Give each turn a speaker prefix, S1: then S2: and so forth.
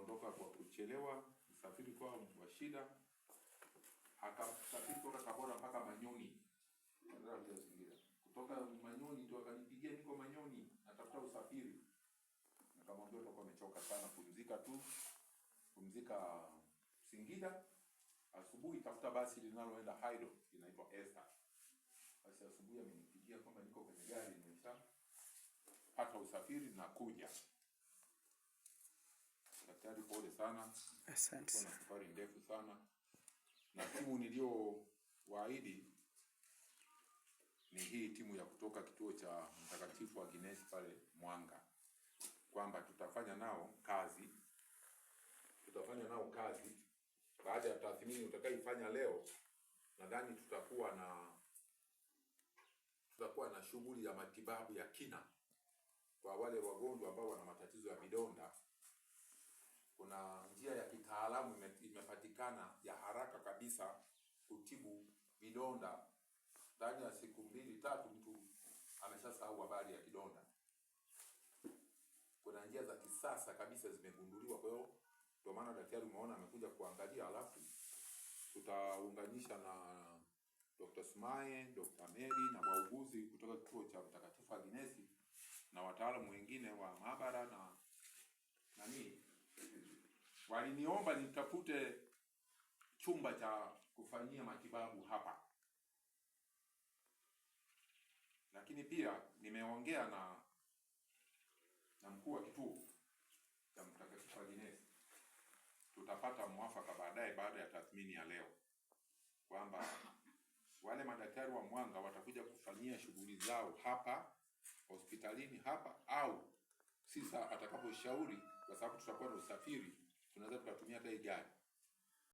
S1: kuondoka kwa kuchelewa, kusafiri kwa wa shida, akasafiri kutoka Tabora mpaka Manyoni Singira. Kutoka Manyoni ndio akanipigia, niko Manyoni natafuta usafiri, nikamwambia utakuwa umechoka sana, pumzika tu, pumzika Singida, asubuhi tafuta basi linaloenda Haido linaitwa Esther. Basi asubuhi amenipigia kwamba niko kwenye gari nimesha pata usafiri na kuja daktari, pole sana. Asante sana. Safari ndefu sana, na timu waahidi ni hii timu ya kutoka kituo cha Mtakatifu wa ginesi pale Mwanga, kwamba tutafanya nao kazi, tutafanya nao kazi. Baada ya tathmini utakaifanya leo, nadhani tutakuwa na tutakuwa na shughuli ya matibabu ya kina kwa wale wagonjwa ambao wana matatizo ya vidonda inawezekana ya haraka kabisa kutibu vidonda. Ndani ya siku mbili tatu, mtu ameshasahau habari ya kidonda. Kuna njia za kisasa kabisa zimegunduliwa, kwa hiyo ndio maana daktari umeona amekuja kuangalia, halafu tutaunganisha na Dr. Sumaye, Dr. Mary na wauguzi kutoka kituo cha Mtakatifu Agnesi na wataalamu wengine wa maabara na nani, waliniomba nitafute chumba cha kufanyia matibabu hapa, lakini pia nimeongea na na mkuu wa kituo cha Mtakatifu Agnes. Tutapata mwafaka baadaye, baada ya tathmini ya leo, kwamba wale madaktari wa Mwanga watakuja kufanyia shughuli zao hapa hospitalini hapa, au sisa atakaposhauri, kwa sababu tutakuwa na usafiri, tunaweza tukatumia hata gari.